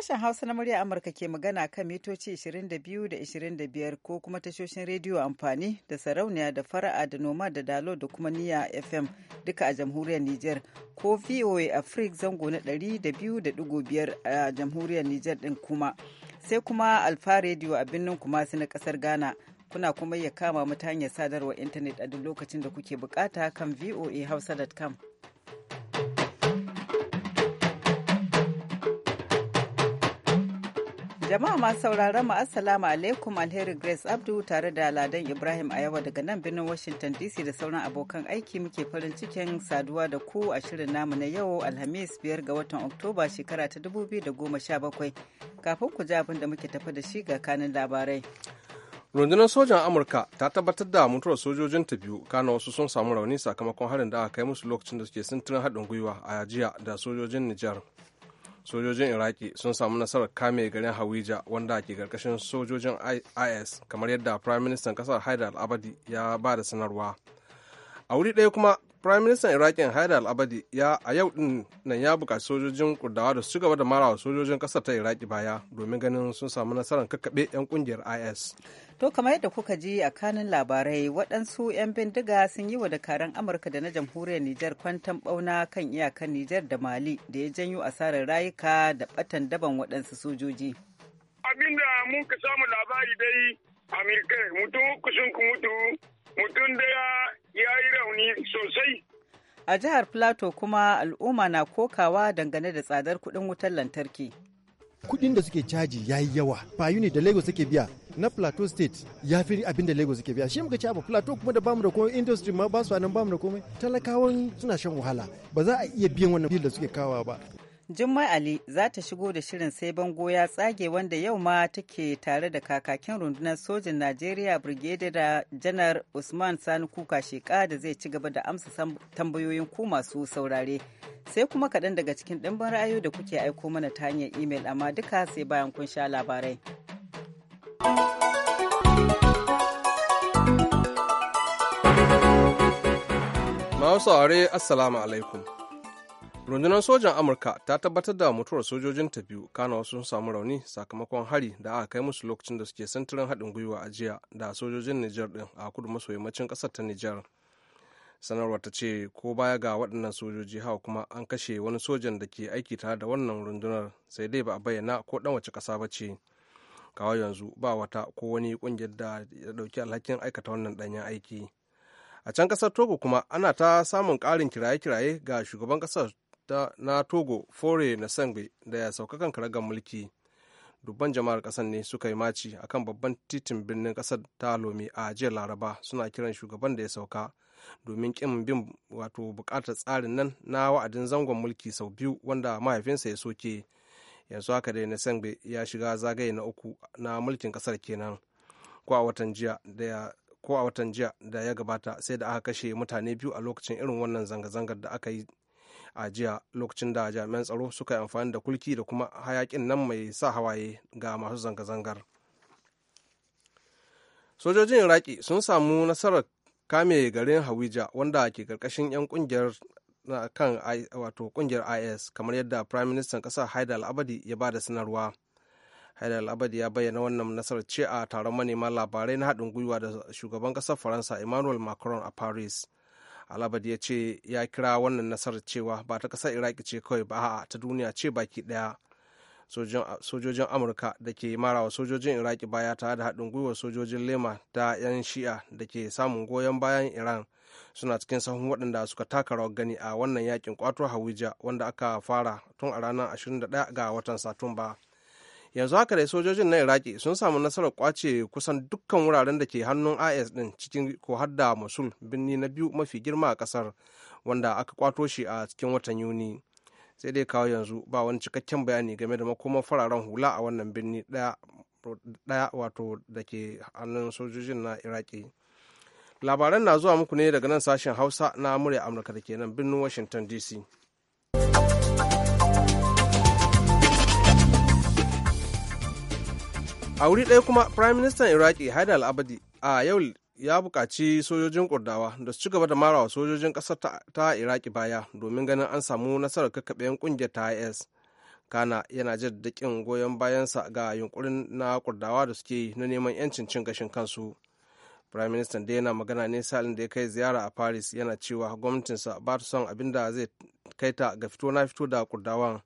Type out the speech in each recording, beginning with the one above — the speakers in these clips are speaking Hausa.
Sashen Hausa na murya Amurka ke magana kan mitoci 22 da 25 ko kuma tashoshin rediyo amfani da sarauniya da fara'a da noma da dalo da kuma niya FM duka a jamhuriyar Nijar ko VOA Africa zango na 200.5 a jamhuriyar Nijar din kuma sai kuma Alfa rediyo a birnin Kumasi na kasar Ghana kuna kuma iya kama mata hanyar sadarwar intanet a duk lokacin da kuke bukata kan voahausa.com. Jama'a ma sauraron mu Assalamu alaikum Alheri Grace Abdu tare da Ladan Ibrahim a yawa daga nan birnin Washington DC da sauran abokan aiki muke farin cikin saduwa da ku a shirin namu na yau Alhamis biyar ga watan Oktoba shekara ta dubu biyu da goma sha bakwai Kafin ku ji abin da muke tafi da shi ga kanin labarai. Rundunar sojan Amurka ta tabbatar da mutuwar sojojin ta biyu kana wasu sun samu rauni sakamakon harin da aka kai musu lokacin da suke sintirin haɗin gwiwa a jiya da sojojin Nijar. sojojin iraki sun samu nasarar kame garin hawija wanda ke karkashin sojojin is kamar yadda prime minister kasar haidar abadi ya ba da sanarwa a wuri ɗaya kuma Prime Minister Iraƙin Haidar Al-Abadi ya a yau din nan ya buƙaci sojojin Kurdawa da su gaba da marawa sojojin ƙasar ta Iraki baya domin ganin sun samu nasarar kakkaɓe 'yan kungiyar IS. To kamar yadda kuka ji a kanin labarai waɗansu 'yan bindiga sun yi wa dakarun Amurka da na jamhuriyar Nijar kwantan ɓauna kan iyakan Nijar da Mali da ya janyo asarar rayuka da ɓatan daban waɗansu sojoji. Abinda mun ka samu labari dai Amurka mutu kusan ku mutu mutum da ya yi rauni sosai. A jihar Plateau kuma al'umma na kokawa dangane da tsadar kuɗin wutar lantarki. Kuɗin da suke caji ya yi yawa, fayu ne da Lagos suke biya na Plateau State ya fi abin da Lagos suke biya. Shi muka ci abu Plateau kuma da bamu da komai industry ma ba su anan bamu da komai. Talakawan suna shan wahala, ba za a iya biyan wannan bil da suke kawa ba. Jummai Ali za ta shigo da shirin sai bango ya tsage wanda yau ma take tare da kakakin rundunar sojin Najeriya Brigadier Janar Usman Sani Kuka Sheka da zai ci gaba da amsa tambayoyin ku masu saurare. Sai kuma kaɗan daga cikin ɗimbin ra'ayoyi da kuke aiko mana ta hanyar imel amma duka sai bayan kun sha labarai. Masu aure Assalamu alaikum. rundunar sojan amurka ta tabbatar da mutuwar sojojin ta biyu kana wasu sun samu rauni sakamakon hari da aka kai musu lokacin da suke santirin haɗin gwiwa a jiya da sojojin nijar din a kudu maso yammacin ƙasar ta nijar sanarwar ta ce ko baya ga waɗannan sojoji hawa kuma an kashe wani sojan da ke aiki tare da wannan rundunar sai dai ba a bayyana ko ɗan wace ƙasa ba ce kawo yanzu ba wata ko wani ƙungiyar da ya ɗauki alhakin aikata wannan ɗanyen aiki a can ƙasar togo kuma ana ta samun ƙarin kiraye-kiraye ga shugaban ƙasar na togo fore na sangbe da ya sauka kan karagar mulki dubban jama'ar kasar ne suka yi maci akan babban titin birnin kasar ta lomi a jiya laraba suna kiran shugaban da ya sauka domin kin bin wato bukatar tsarin nan na wa'adin zangon mulki sau biyu wanda mahaifinsa ya soke yanzu haka dai nasangbe ya shiga zagaye na uku na mulkin kasar kenan ko a watan jiya da ko a watan jiya da ya gabata sai da aka kashe mutane biyu a lokacin irin wannan zanga-zangar da aka yi a jiya lokacin da jami'an tsaro suka yi amfani da kulki da kuma hayakin nan mai sa hawaye ga masu zanga-zangar sojojin iraki sun samu nasarar kame garin hawija wanda ke karkashin 'yan kungiyar kan wato kungiyar is kamar yadda prime minister kasar haidar al'abadi ya ba da sanarwa haidar al'abadi ya bayyana wannan nasarar ce a taron manema labarai na haɗin gwiwa da shugaban kasar faransa emmanuel macron a paris alabad ya ce ya kira wannan nasarar cewa ba ta kasar iraki ce kawai ba a ta duniya ce baki ɗaya sojojin amurka da ke mara wa sojojin iraki baya tare da haɗin gwiwar sojojin lema ta 'yan shi'a da ke samun goyon bayan iran suna cikin sahun waɗanda suka taka rawar gani a wannan yakin kwato hawija wanda aka fara tun a ranar 21 ga watan satumba yanzu haka dai sojojin na iraki sun samu nasarar kwace kusan dukkan wuraren da ke hannun is din cikin ko har da mosul birni na biyu mafi girma a kasar wanda aka kwato shi a cikin watan yuni sai dai kawo yanzu ba wani cikakken bayani game da makoman fararen hula a wannan birni daya wato da ke hannun sojojin na iraki labaran na zuwa muku ne daga nan sashen hausa na murya amurka da ke nan birnin washington dc a wuri ɗaya kuma prime minister iraki haidar al'abadi a yau ya buƙaci sojojin kurdawa da su ci gaba da marawa sojojin ƙasar ta iraki baya domin ganin an samu nasarar kakkaɓe 'yan ƙungiyar ta is kana yana jaddakin goyon bayansa ga yunkurin na kurdawa da suke na neman yancin cin gashin kansu prime minister da yana magana ne salin da ya kai ziyara a paris yana cewa gwamnatinsa ba ta son abin da zai kai ta ga fito na fito da kurdawan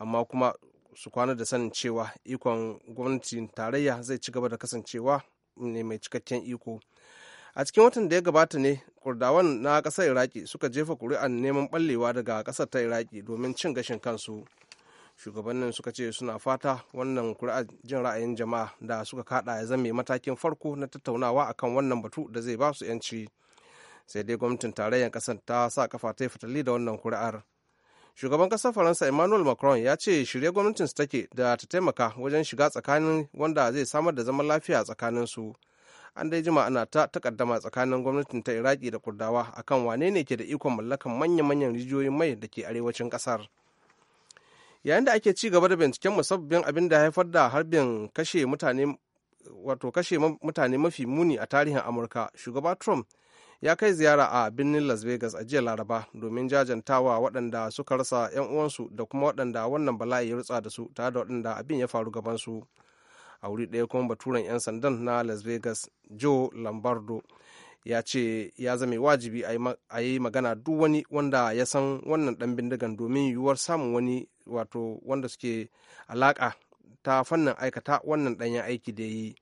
amma kuma su kwana da sanin cewa ikon gwamnatin tarayya zai ci gaba da kasancewa ne mai cikakken iko a cikin watan da ya gabata ne kurdawan na ƙasar iraki suka jefa kuri'an neman ɓallewa daga ƙasar ta iraki domin cin gashin kansu shugabannin suka ce suna fata wannan kuri'ar jin ra'ayin jama'a da suka kada ya zame matakin farko na tattaunawa akan wannan batu da zai ba su 'yanci sai dai gwamnatin tarayyar ƙasar ta sa kafa ta yi fitali da wannan kuri'ar shugaban ƙasar faransa emmanuel macron ya ce shirye gwamnatinsu take da ta taimaka wajen shiga tsakanin wanda zai samar da zaman lafiya tsakanin su an dai jima ana ta takaddama tsakanin gwamnatin ta iraki da kurdawa akan wane ne ke da ikon mallakan manya-manyan rijiyoyin mai da ke arewacin kasar yayin da ake ci gaba da binciken musabbin abin da haifar da harbin kashe mutane wato kashe mutane mafi muni a tarihin amurka shugaba trump ya kai ziyara a birnin las vegas a jiya laraba domin jajantawa waɗanda suka rasa 'yan uwansu da kuma waɗanda wannan bala'i ya rutsa da su tare da waɗanda abin ya faru gabansu a wuri ɗaya kuma baturen 'yan sandan na las vegas joe lambardo ya ce ya zame wajibi a yi magana duk wani wanda ya san wannan ɗan bindigan domin yiwuwar samun wani wato wanda suke alaƙa ta fannin aikata wannan ɗanyen aiki da ya yi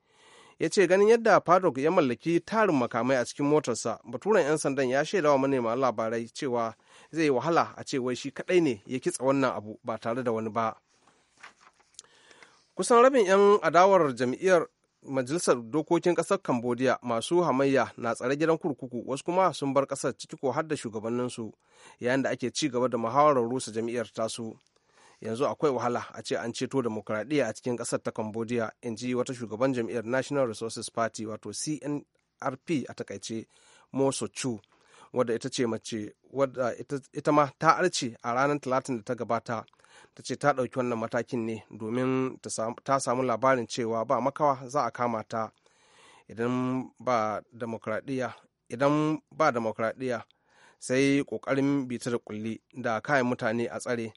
ya ce ganin yadda paddock ya mallaki tarin makamai a cikin motarsa baturen 'yan sandan ya shaida wa manema labarai cewa zai yi wahala a ce wai shi kadai ne ya kitsa wannan abu ba tare da wani ba kusan rabin 'yan adawar jam'iyyar majalisar dokokin kasar cambodia masu hamayya na tsare gidan kurkuku wasu kuma sun bar kasar ciki ko har da shugabanninsu yayin da ake ci gaba da muhawarar rusa jam'iyyar tasu yanzu akwai wahala a ce an ceto demokuraɗiyya a cikin ƙasar ta cambodia in ji wata shugaban jam'iyyar national resources party wato cnrp a takaice moso chu wadda ita ce mace wadda ita ma ta arce a ranar talatin da ta gabata ta ce ta ɗauki wannan matakin ne domin ta samu labarin cewa ba makawa za a kama ta idan ba demokuraɗiyya idan ba demokuraɗiyya sai ƙoƙarin bitar kulli da kayan mutane a tsare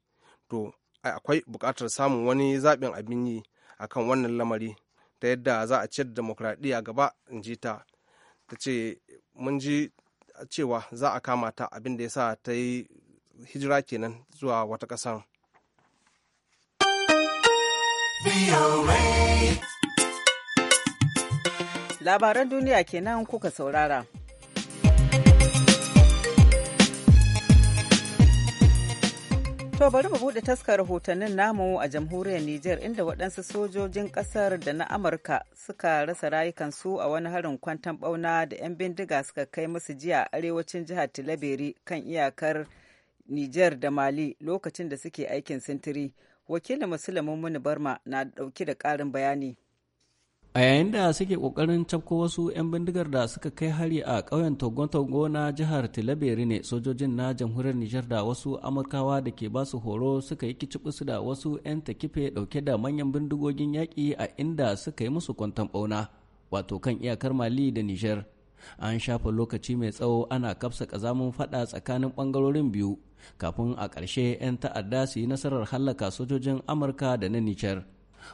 to akwai buƙatar samun wani zaɓin abin yi a kan wannan lamari ta yadda za a ciyar da demokuraɗiyya gaba in ji ta ta ce mun ji cewa za a kama ta abin da ya sa ta yi hijira kenan zuwa wata ƙasan. Labaran duniya kenan kuka saurara. To bari mu buɗe taskar rahotannin namu a jamhuriyar Nijar inda waɗansu sojojin ƙasar da na Amurka suka rasa rayukansu a wani harin kwantan ɓauna da 'yan bindiga suka kai musu jiya a arewacin jihar Tilaberi kan iyakar Nijar da Mali lokacin da suke aikin sintiri. Wakilin Musulmin Muni Barma na ɗauki da ƙarin bayani. a yayin da suke kokarin cafko wasu 'yan bindigar da suka kai hari a ƙauyen togon-togo na jihar tilaberi ne sojojin na jamhuriyar nijar da wasu amurkawa da ke basu horo suka yi kicibisu da wasu 'yan takife ɗauke da manyan bindigogin yaƙi a inda suka yi musu kwanton ɓauna wato kan iyakar mali da nijar an shafa lokaci mai tsawo ana kafsa ƙazamin faɗa tsakanin ɓangarorin biyu kafin a ƙarshe 'yan ta'adda su yi nasarar hallaka sojojin amurka da na nijar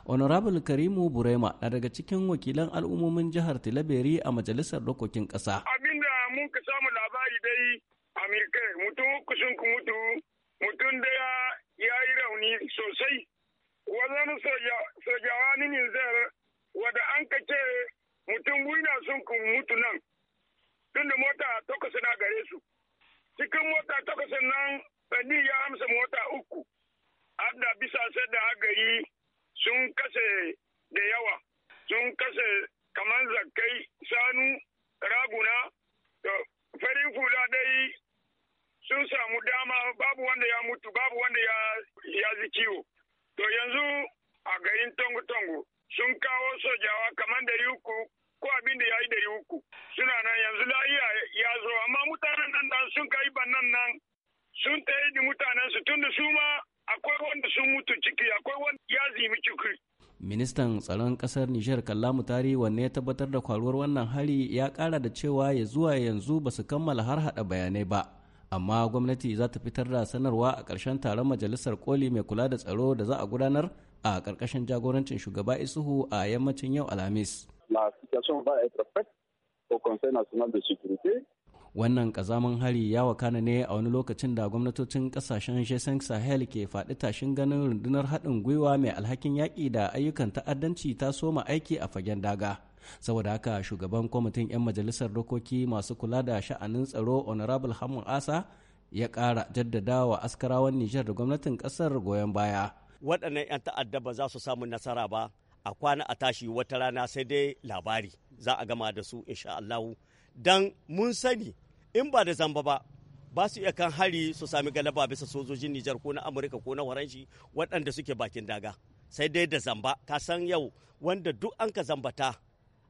honorable karimu burema na daga cikin wakilan al'ummomin jihar tilaberi a majalisar dokokin ƙasa. abinda mun ka samu labari dai Amerika mutum uku sun ku mutu mutum da ya yi rauni sosai wajen sojawa ni nizar wadda an ka ce mutum wina sun ku mutu nan tunda mota takwas na gare su cikin mota takwas nan bani ya amsa mota uku adda bisa sai da agari sun kashe da yawa sun kashe kamar zakai sanu raguna farin fula dai sun samu dama babu wanda ya mutu babu wanda ya ji to yanzu a garin tongu-tongu sun kawo sojawa kamar dari uku ko abin da ya yi dari uku suna nan yanzu lahiya ya zo amma mutanen nan sun kai bannan nan sun tayi da mutanen su tun da su ma akwai wanda sun mutu ciki akwai wanda ya zimi ciki ministan tsaron kasar nijar kallamu tari wanne ya tabbatar da kwaruwar wannan hari ya kara da cewa ya zuwa yanzu ba su kammala har hada bayanai ba amma gwamnati za ta fitar da sanarwa a karshen taron majalisar koli mai kula da tsaro da za a gudanar a ƙarƙashin jagorancin shugaba isuhu a yammacin yau alhamis la de wannan kazaman hari ya wakana ne a wani lokacin da gwamnatocin kasashen jason sahel ke faɗi tashin ganin rundunar haɗin gwiwa mai alhakin yaƙi da ayyukan ta'addanci ta soma aiki a fagen daga saboda haka shugaban kwamitin 'yan majalisar dokoki masu kula da sha'anin tsaro honorable hamun asa ya kara jaddada wa askarawan nijar da gwamnatin ƙasar goyon baya waɗannan 'yan ta'adda ba za su samu nasara ba a kwana a tashi wata rana sai dai labari za a gama da su insha Allahu dan mun sani in ba da zamba ba ba su iya kan hari su sami galaba bisa sojojin Nijar ko na Amurka ko na waranshi waɗanda suke bakin daga sai dai da zamba ka san yau wanda duk an ka zambata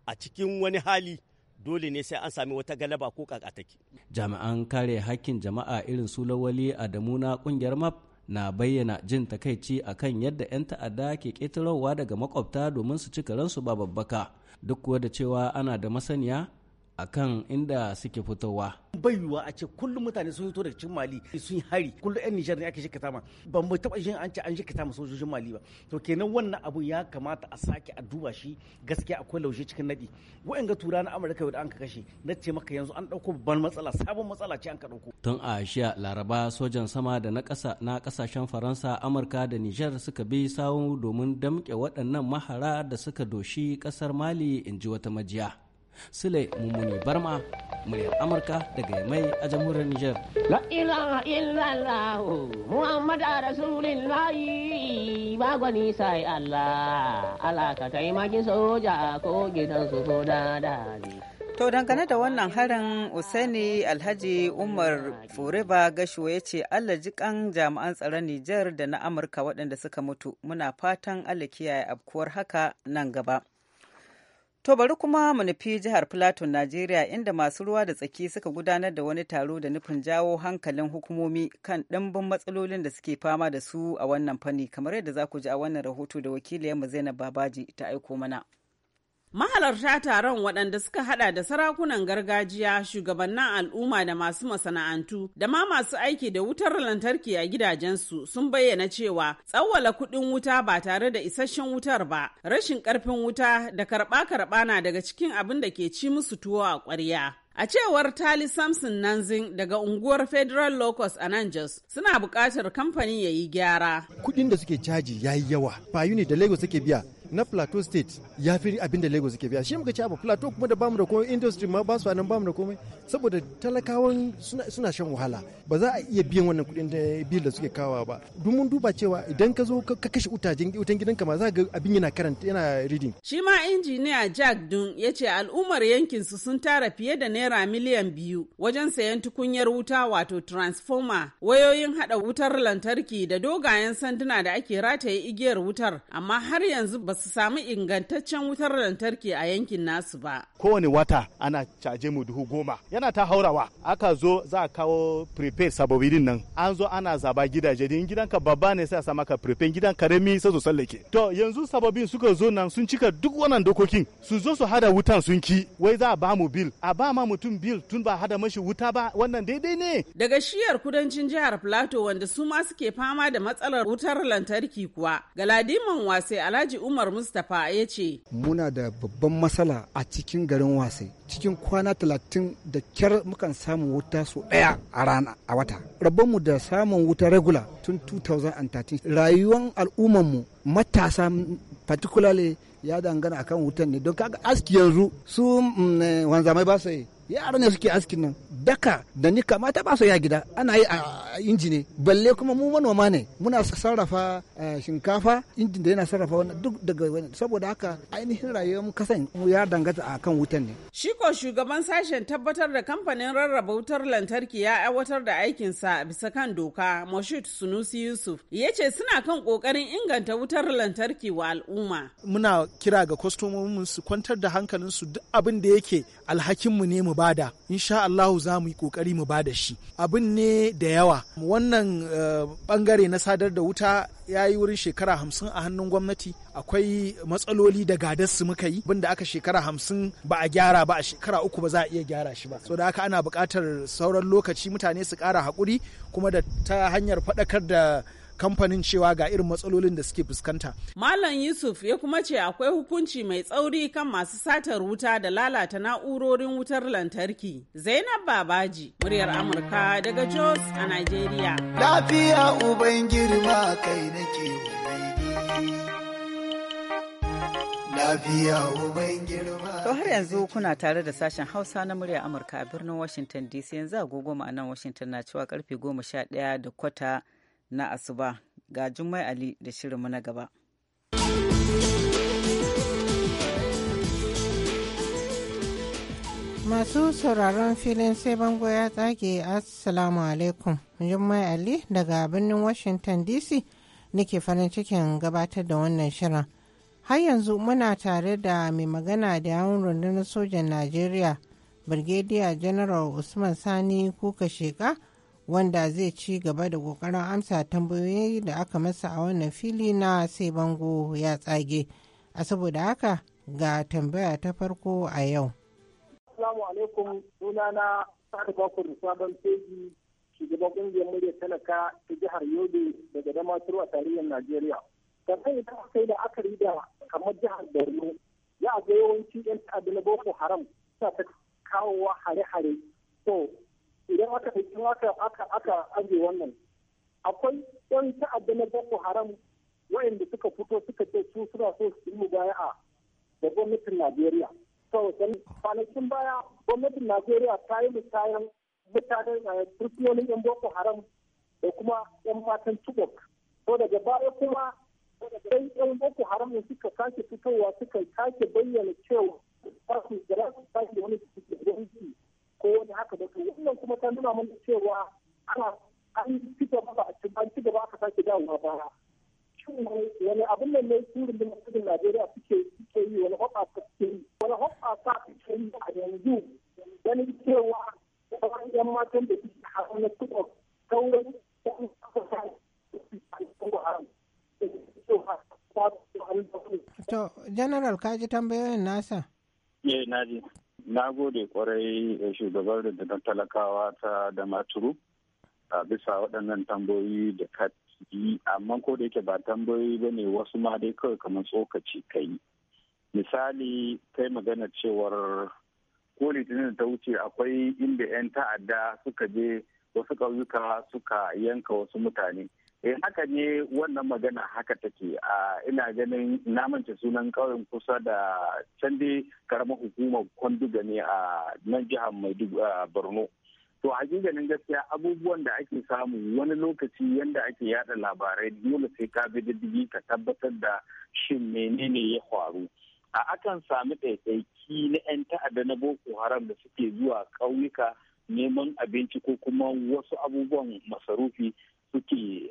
a cikin wani hali dole ne sai an sami wata galaba ko kakataki. Jami'an kare hakkin jama'a irin su lawali Adamu na kungiyar MAP na bayyana jin takaici a kan yadda 'yan ta'adda ke ƙetarowa daga makwabta domin su ci karansu ba babbaka duk kuwa da cewa ana da masaniya akan inda suke fitowa. bai yiwuwa a ce kullum mutane sun fito daga cikin mali sun hari kullum yan nijar ne ake shi ma ba mu taba jin an ce an shi ma sojojin mali ba to kenan wannan abu ya kamata a sake a duba shi gaskiya akwai laushe cikin nadi ga tura na amurka da an ka kashe na ce maka yanzu an dauko babban matsala sabon matsala ce an ka dauko tun a shiya laraba sojan sama da na kasa na kasashen faransa amurka da nijar suka bi sawu domin damke waɗannan mahara da suka doshi kasar mali in ji wata majiya Sule Mummuni Barma, muryar Amurka daga mai a jamhuriyar Nijar. La ilaha illallah Muhammad Rasulullah ba gwani sai Allah, ala ka taimaki soja ko gidan su ko dada To dangane da wannan harin Usaini Alhaji Umar Fureba Gashu ya ce Allah jikan jami'an tsaron Nijar da na Amurka waɗanda suka mutu muna fatan Allah kiyaye abkuwar haka nan gaba. To bari kuma mu nufi jihar platon Najeriya inda masu ruwa da tsaki suka gudanar da wani taro da nufin jawo hankalin hukumomi kan ɗimbin matsalolin da suke fama da su a wannan fanni kamar yadda za ku ji a wannan rahoto da wakiliyarmu Zainab Babaji ta aiko mana. Mahalarta taron waɗanda suka hada da sarakunan gargajiya, shugabannin al'umma da masu masana'antu da ma masu aiki da wutar lantarki a gidajensu sun bayyana cewa tsawwala kuɗin wuta ba tare da isasshen wutar ba, rashin ƙarfin wuta da karɓa-karɓa na daga cikin abin da ke ci musu tuwo a ƙwarya. A cewar Tali Samson Nanzin daga unguwar Federal locust a Jos suna buƙatar kamfanin ya yi gyara. Kuɗin da suke caji ya yi yawa, Fayu ne da Lagos suke biya na plateau state ya fi abin da lagos ke biya shi muka ci abu plateau kuma da bamu da komai industry ma ba su nan bamu da komai saboda talakawan suna shan wahala ba za a iya biyan wannan kuɗin da bil da suke kawa ba domin duba cewa idan ka zo ka kashe utajen utan gidanka ma za ga abin yana karanta yana reading shi ma injiniya jack dun ya ce al'ummar yankin su sun tara fiye da naira miliyan biyu wajen sayan tukunyar wuta wato transformer wayoyin hada wutar lantarki da dogayen sanduna da ake rataye igiyar wutar amma har yanzu ba su samu ingantaccen wutar lantarki a yankin nasu ba. Kowane wata ana caje mu duhu goma yana ta haurawa aka zo za a kawo prepaid din nan an zo ana zaba gidaje din gidanka babba ne sai a sa ka prepaid gidan karami sai su sallake. To yanzu sababin suka zo nan sun cika duk wannan dokokin su zo su hada wutan sun ki wai za a ba mu bil a ba ma mutum bil tun ba hada mashi wuta ba wannan daidai ne. Daga shiyar kudancin jihar Plateau wanda su ma suke fama da matsalar wutar lantarki kuwa Galadiman wasai Alhaji Umar Mustapha ya ce. Muna da babban matsala a cikin garin wasai. Cikin kwana talatin da kyar mukan samu wuta so ɗaya a rana a wata. Rabonmu da samun wuta regula tun 2013. Rayuwan al'ummanmu matasa particularly ya dangana akan wutan ne don kaga aski yanzu su mm, eh, wanzamai ba su yi yara ne suke askin nan daka da ni kamata ba su ya gida ana yi a inji ne balle kuma mu manoma ne muna sarrafa eh, shinkafa injin da yana sarrafa wannan duk daga wani saboda haka ainihin rayuwar kasan ya dangata a kan wutan ne shi ko shugaban sashen tabbatar da kamfanin rarraba wutar lantarki ya aiwatar da aikinsa bisa kan doka Moshut Sunusi Yusuf ya ce suna kan kokarin inganta wutar lantarki wa al'umma muna kira ga kwastomomin su kwantar da hankalin su duk abin da yake alhakinmu ne mu bada insha Allahu za mu yi kokari mu bada shi abin ne da yawa wannan bangare eh, na sadar da wuta ya yi wurin shekara hamsin a hannun gwamnati akwai matsaloli da gadarsu muka yi abin da aka shekara hamsin ba a gyara ba a shekara uku ba za a iya gyara shi ba so da haka ana buƙatar sauran lokaci mutane su kara hakuri kuma da ta hanyar faɗakar da kamfanin cewa ga irin matsalolin da suke fuskanta. Malam Yusuf ya kuma ce akwai hukunci mai tsauri kan masu satar wuta da lalata na'urorin wutar lantarki. Zainab Babaji, muryar Amurka daga Jos a Najeriya. Lafiya uban girma kai nake To har yanzu kuna tare da sashen Hausa na murya Amurka a birnin Washington DC yanzu agogo ma'anan Washington na cewa karfe goma sha ɗaya da kwata na asuba ga Jummai Ali da shirinmu na gaba. Masu sauraron filin sai bango ya tsage Assalamu alaikum. Jummai Ali daga birnin Washington DC nake farin cikin gabatar da wannan shirin. Har yanzu muna tare da mai magana da yawon rundunar sojan Najeriya, Brigadier General Usman Sani Kuka Sheka. wanda zai ci gaba da kokarin amsa tambayoyi da aka masa a wannan fili na sai bango ya tsage a saboda haka ga tambaya ta farko a yau Assalamu alaikum sunana Sa'ad Bakur Sabon Teji shugaban kungiyar murya talaka ta jihar Yobe daga Damaturu a tarihin Najeriya. Kamar idan aka yi la'akari da kamar jihar Borno ya ga yawanci 'yan ta'adda na Boko Haram suna ta kawowa hare-hare. To idan aka ɗauki aka aka aka aje wannan akwai yan ta'adda na boko haram wa'inda suka fito suka ce su suna so su yi mubaya'a da gwamnatin najeriya kwanakin baya gwamnatin najeriya ta yi musayan mutanen turkiyoyin eh, yan boko haram da kuma yan matan tubok to daga baya kuma sai yan boko haram suka sake fitowa suka sake bayyana cewa nuna mana cewa ana an ci gaba ba an ci gaba aka sake dawowa ba shin wani abin nan ne turin da mutum Najeriya suke suke yi wani hoɓɓasa suke yi wani hoɓɓasa suke yi a yanzu ganin cewa wani yan matan da suke haɗu na tuɓa sauran yan To, General, ka ji tambayoyin nasa? Eh, na ji. na gode kwarai eh, shugabar rundunar talakawa ta maturu a bisa waɗannan tambayoyi da ka yi amma ko da yake ba tambayoyi ba ne wasu ma dai kawai kamar tsokaci ka yi misali kai magana cewar ko litinin ta wuce akwai inda 'yan ta'adda suka je wasu ƙauyuka suka yanka wasu mutane eh haka ne wannan magana haka take a ina ganin namance sunan ƙauyen kusa da can dai karamar hukumar kwanduga ne a nan jihar borno to hakikanin gaskiya abubuwan da ake samu wani lokaci yadda ake yada labarai dole sai ka bi diddigi ka tabbatar da shin menene ya faru a akan sami ɗaiɗaiki na 'yan ta'adda na boko haram da suke zuwa ƙauyuka neman abinci ko kuma wasu abubuwan masarufi suke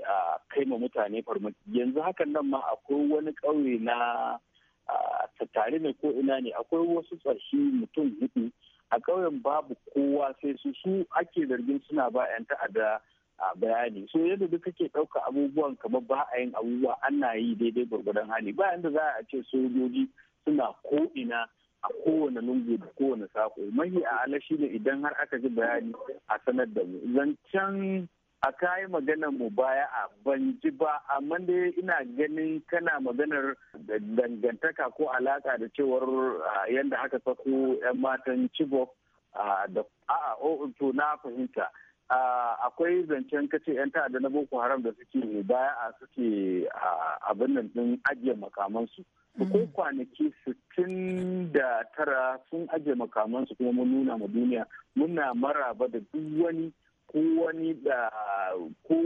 kai ma mutane farmaki yanzu hakan nan ma akwai wani ƙauye na tare da ko ina ne akwai wasu tsarshi mutum hudu a ƙauyen babu kowa sai su su ake zargin suna ba 'yan ta'adda a bayani so yadda duka kake ɗauka abubuwan kamar ba a yin abubuwa ana yi daidai gwargwadon hali ba yanda za a ce sojoji suna ko ina a kowane lungu da kowane sako mahi a ala ne idan har aka ji bayani a sanar da mu zancen a kayi maganar mu baya a ban ji ba amma dai ina ganin kana maganar dangantaka ko alaka da cewar yadda haka sako 'yan matan chibok da a'a to na fahimta akwai zancen kace 'yan ta'adda na boko haram da suke baya a suke abin nan din ajiye makamansu ko mm. kwanaki sittin da tara sun ajiye makamansu kuma mun nuna ma duniya muna maraba da duk wani ko wani da ko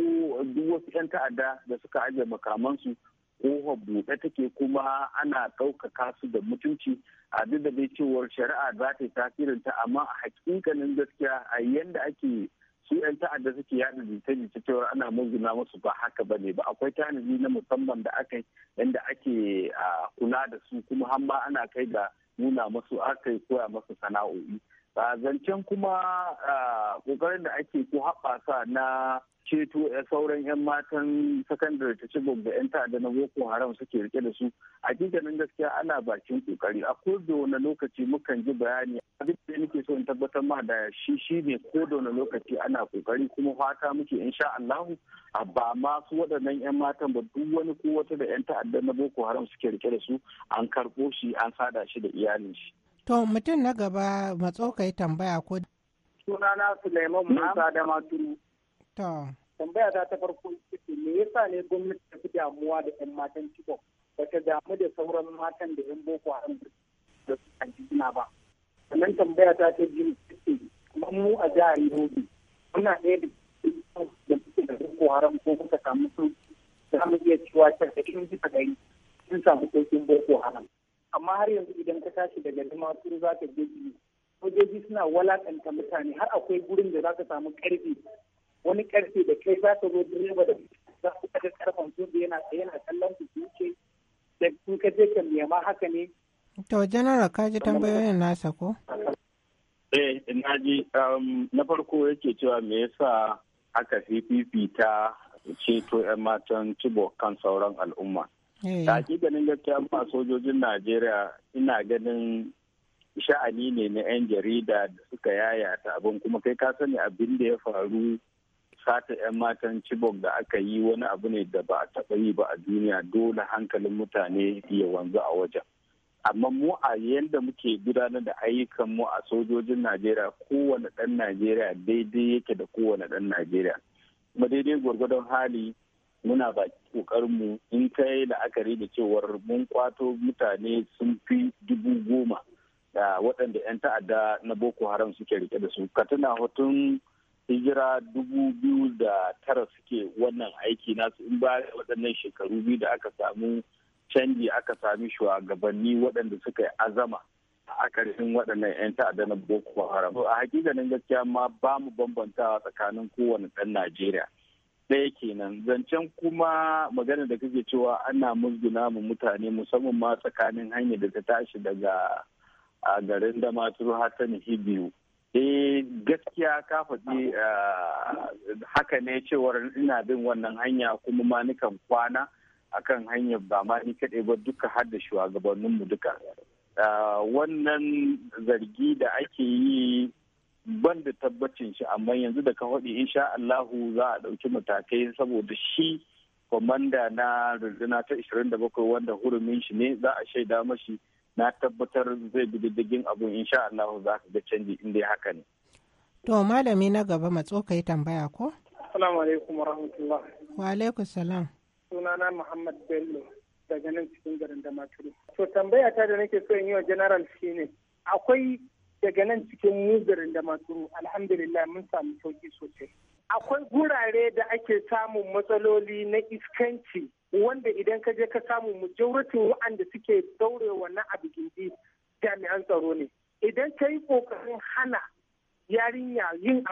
duk wasu 'yan ta'adda da suka ajiye makamansu ko buɗe take kuma ana ɗaukaka su da mutunci a duk da dai cewar shari'a za ta yi ta amma a hakikanin gaskiya a yadda ake su 'yan ta'adda suke yada jita-jita cewar ana muzuna musu ba haka ba ne ba akwai tanadi na musamman da aka yadda ake kula da su kuma har ana kai ga nuna musu aka koya masu sana'o'i zancen kuma kokarin da ake ko haɓasa na ceto eh, sauran 'yan matan sakandare ta ci da 'yan ta'adda na boko haram suke rike da su a hakikanin gaskiya ana bakin kokari a da wani lokaci mukan ji bayani abin da nake so in tabbatar ma da shi shi ne ko da wani lokaci ana kokari kuma fata muke in insha Allahu ba ma su waɗannan 'yan matan ba duk wani ko wata da 'yan ta'adda na boko haram suke rike da su an karɓo shi an sada shi da iyalin shi To mutum na gaba yi tambaya ko. Sunana Suleiman Musa da Maturu. To. Tambaya ta farko ciki me yasa ne gwamnati ta fi damuwa da 'yan matan ciko ba ta damu da sauran matan da 'yan Boko Haram da su kan ba. Sannan tambaya ta ta biyu ciki kuma mu a jihar Yobe muna ɗaya da da suke da Boko Haram ko kuka samu sauki za mu iya cewa ta da bisa gari sun samu sauƙin Boko Haram. amma har yanzu idan ka tashi daga Damaturu za ka je biyu sojoji suna walakanta mutane har akwai gurin da za ka samu karfi wani karfe da kai za ka zo direba da za ku kaga karfan su yana yana kallon su su ce da kun ka je ka nema haka ne to janara ka ji tambayoyin nasa ko eh na ji um, na farko yake cewa me yasa aka fifita ceto 'yan matan cibo kan sauran al'umma Eh. Da ganin gaskiya ba sojojin Najeriya ina ganin sha'ani ne na 'yan jarida da suka yayata abin kuma kai ka sani abin da ya faru sata 'yan matan Chibok da aka yi wani abu ne da ba a taɓa yi ba a duniya dole hankalin mutane ya wanzu a wajen. Amma mu a yadda muke gudanar da ayyukan mu a sojojin Najeriya kowane ɗan Najeriya daidai yake da kowane ɗan Najeriya. Kuma daidai gwargwadon hali muna ba mu in kai la'akari da cewar mun kwato mutane sun fi dubu goma da waɗanda 'yan ta'adda na boko haram suke rike da su katuna hotun hijira dubu biyu da tara suke wannan aiki nasu in ba waɗannan shekaru biyu da aka samu canji aka sami shugabanni waɗanda suka yi azama a ƙarshen waɗannan 'yan ta'adda na boko haram a hakikanin gaskiya ma ba mu bambantawa tsakanin kowane ɗan najeriya ɗaya kenan zancen kuma magana da kake cewa ana musguna mu mutane musamman ma tsakanin hanya da ta tashi daga a garin da matur har ta nufi eh gaskiya ka faɗi haka ne cewar ina bin wannan hanya kuma ma nikan kwana akan hanyar ba ma ni kaɗai ba duka har da shugabanninmu duka wannan zargi da ake yi ban da tabbacin shi amma yanzu da ka insha Allahu za a ɗauki matakai saboda shi komanda na rundunar ta 27 wanda hurumin shi ne za a shaida mashi na tabbatar zai bi diddigin abun insha Allahu za ka ga canji inda dai haka ne. To malami na gaba matso ka yi tambaya ko? Assalamu alaikum wa Wa alaikum salam. Sunana Muhammad Bello daga nan cikin garin Damaturu. To tambaya ta da nake so in yi wa general shine akwai daga nan cikin muzirin da masu alhamdulillah mun samu sauki sosai akwai gurare da ake samun matsaloli na iskanci wanda idan ka je ka samu majoratin wa'anda suke daurewa na abu gindi jami'an tsaro ne idan ka yi kokarin hana yarinya yin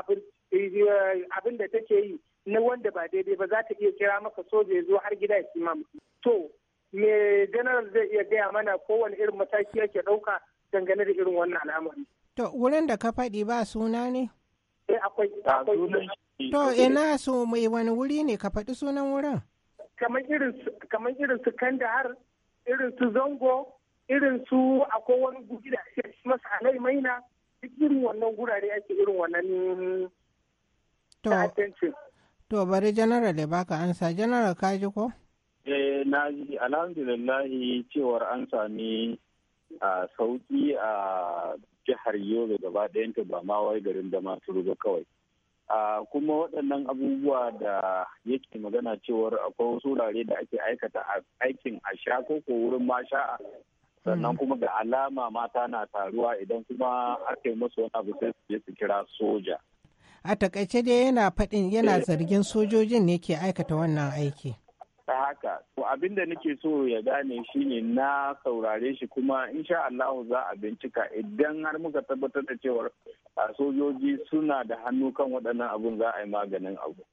eh, abin da take yi na wanda ba daidai ba za ta iya kira maka soja ya zo har gida ya ma to me general zai iya gaya mana kowane irin mataki yake ɗauka dangane da irin wannan al'amari To wurin da ka faɗi ba suna ne? Eh akwai To ina su mai wani wuri ne ka faɗi sunan wurin? Kamar irin su Kandahar, irin su Zango, irin su akwai wani guri da ake masa alai maina, duk irin wannan gurare ake irin wannan ta'addancin. To bari general da baka ansa general ka ji ko? Eh na ji alhamdulillahi cewar an sami a ah, sauki a ah, jihar yobe gaba ɗayanta ba ma wai garin da ba kawai kuma waɗannan abubuwa da yake magana cewar akwai wasu wurare da ake aikata aikin a sha ko ko wurin ma sha'a sannan hmm. kuma ga alama mata na taruwa idan kuma aka yi musu wani abu sai su je su kira soja a takaice dai yana faɗin yana zargin sojojin ne ke aikata wannan aiki ta haka to abin da nake so ya gane shine na saurare shi kuma insha Allahu za a bincika idan har muka tabbatar da cewar sojoji suna da hannu kan waɗannan abun za a yi maganin abu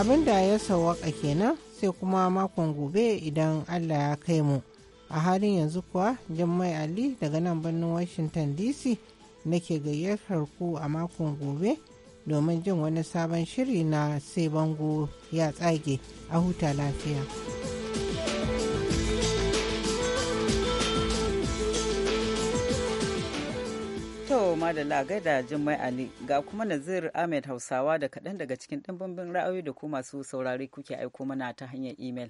abin da ya sawaka kenan sai kuma makon gobe idan allah ya kai mu a halin yanzu kuwa jammai ali daga nan birnin washington dc nake gayyatar ku a makon gobe domin jin wani sabon shiri na sai bango ya tsage a huta lafiya. To Madalla gaida jimmai Ali ga kuma Nazir Ahmed Hausawa da kaɗan daga cikin ɗimbin ra'ayoyi da ku masu saurari kuke aiko mana ta hanyar imel.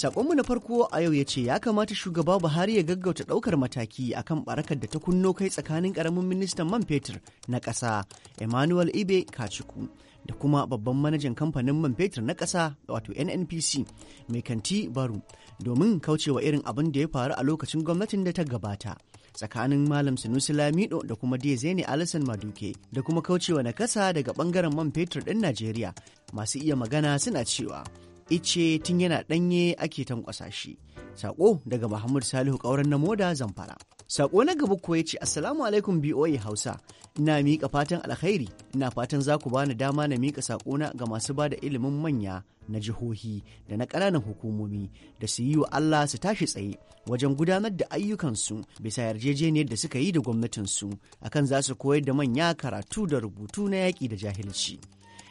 Sakonmu na farko a yau ya ce ya kamata shugaba Buhari ya gaggauta ɗaukar mataki a kan barakar da ta kunno kai tsakanin karamin ministan man fetur na ƙasa Emmanuel Ibe kaciku da kuma babban manajan kamfanin man fetur na ƙasa wato NNPC mai kanti Baru domin kaucewa irin abin da ya faru a lokacin gwamnatin da ta gabata. tsakanin Malam Sanusi Lamido da kuma Diezeni Alison Maduke da kuma kaucewa na nakasa daga bangaren man fetur ɗin Najeriya masu iya magana suna cewa ice tun yana ɗanye ake tankwasa shi. Sako daga Muhammad Salihu ƙauren na moda zamfara. Sako na gaba kuwa ya ce Assalamu alaikum BOA Hausa. Ina miƙa fatan alkhairi, ina fatan za ku bani dama na miƙa sakona ga masu ba da ilimin manya na jihohi da na ƙananan hukumomi da su yi wa Allah su tashi tsaye wajen gudanar da ayyukansu bisa yarjejeniyar da suka yi da gwamnatinsu akan za su koyar da manya karatu da rubutu na yaƙi da jahilci.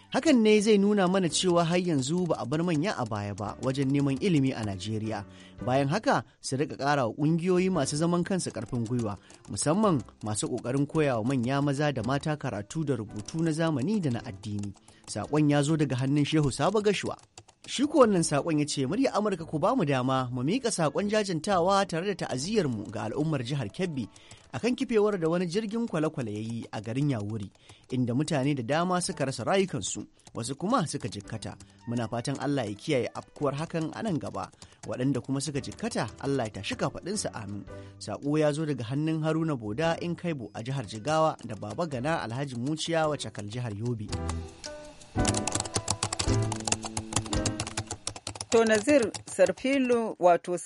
hakan ne zai nuna mana cewa har yanzu ba a bar manya a baya ba wajen neman ilimi a najeriya bayan haka su rika ƙara wa ƙungiyoyi masu zaman kansu ƙarfin gwiwa musamman masu ƙoƙarin koya wa manya maza da mata karatu da rubutu na zamani da na addini saƙon ya zo daga hannun shehu saba gashuwa Shi ko wannan saƙon ya ce murya Amurka ku bamu dama mu mika saƙon jajantawa tare da ta'aziyarmu ga al'ummar jihar Kebbi akan kifewar da wani jirgin kwale-kwale ya yi a garin Yawuri inda mutane da dama suka rasa rayukansu wasu kuma suka jikkata muna fatan Allah ya kiyaye afkuwar hakan a nan gaba waɗanda kuma suka jikkata Allah ya tashi kafaɗinsa amin Saƙo ya zo daga hannun Haruna Boda in Kaibo a jihar Jigawa da Baba Gana Alhaji Muciya wacakal Cakal jihar Yobe. To Nazir Sarfilu wato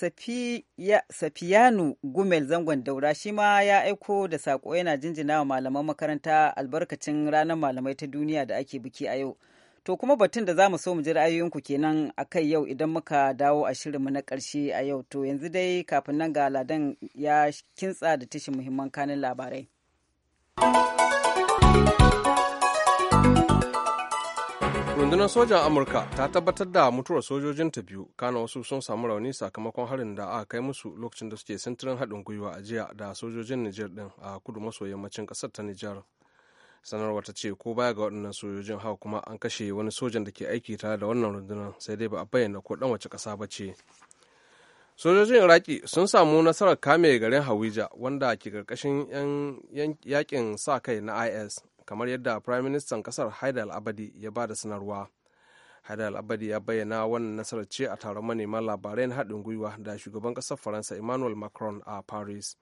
Safiyanu Gumel zangon daura shi ma ya aiko da sako yana jinjina wa malaman makaranta albarkacin ranar malamai ta duniya da ake biki a yau. To kuma batun da za mu so mu ji ra'ayoyinku kenan a kai yau idan muka dawo a shirinmu na ƙarshe a yau. To yanzu dai kafin nan ga Aladen ya kintsa da tashin muhimman kanin labarai. rundunar sojan amurka ta tabbatar da mutuwar sojojinta biyu kana wasu sun samu rauni sakamakon harin da aka kai musu lokacin da suke sintirin haɗin gwiwa a jiya da sojojin nijar ɗin a kudu maso yammacin ƙasar ta nijar sanarwa ta ce ko baya ga waɗannan sojojin hawa kuma an kashe wani sojan da ke aiki tare da wannan rundunar sai dai ba a bayyana ko dan wace ƙasa ba ce sojojin iraki sun samu nasarar kame garin hawija wanda ke karkashin yakin sa kai na is kamar yadda prime ministan kasar haidar abadi ya ba da sanarwa haidar abadi ya bayyana wannan nasarar ce a taron manema labarai na haɗin gwiwa da shugaban kasar faransa emmanuel macron a paris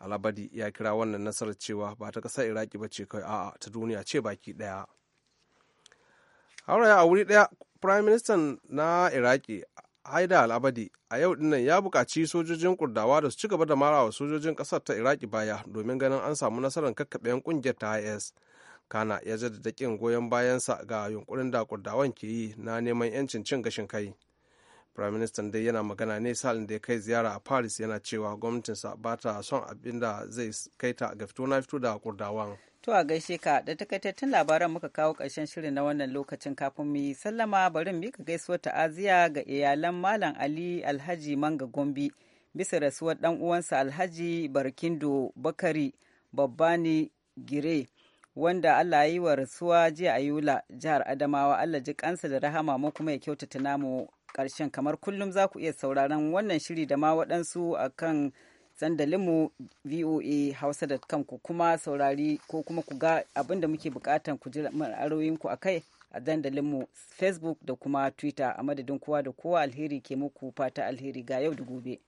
alabadi ya kira wannan nasarar cewa ba ta kasar iraki ba ce kai a'a ta duniya ce baki ɗaya hauraya a wuri ɗaya prime minister na iraki haida al'abadi a yau dinnan ya bukaci sojojin kurdawa da su ci gaba da marawa sojojin ƙasar ta iraki baya domin ganin an samu nasarar kakkaɓen ƙungiyar ta is kana ya jaddada kin goyon bayansa ga yunkurin da kurdawan ke yi na neman yancin cin gashin kai prime minister dai yana magana ne salin da ya kai ziyara a paris yana cewa gwamnatinsa ba ta son abin da zai kai ta ga fito na fito da kurdawan to a gaishe ka da takaitattun labaran muka kawo ƙarshen shirin na wannan lokacin kafin mu yi sallama bari mika gaisuwar ta'aziya ga iyalan malam ali alhaji manga gombi bisa rasuwar dan uwansa alhaji barkindo bakari babbani gire wanda Allah ya yi wa rasuwa jiya a Yola jihar Adamawa Allah ji kansa da rahama mu kuma ya kyautata namu karshen kamar kullum za ku iya sauraron wannan shiri da ma waɗansu a kan sandalinmu voa hausa.com ku kuma saurari ko kuma ku ga abinda muke bukatan ku ji ra'ayoyinku a kai a dandalinmu facebook da kuma twitter a madadin kowa da kowa alheri ke muku fata alheri ga yau da gobe.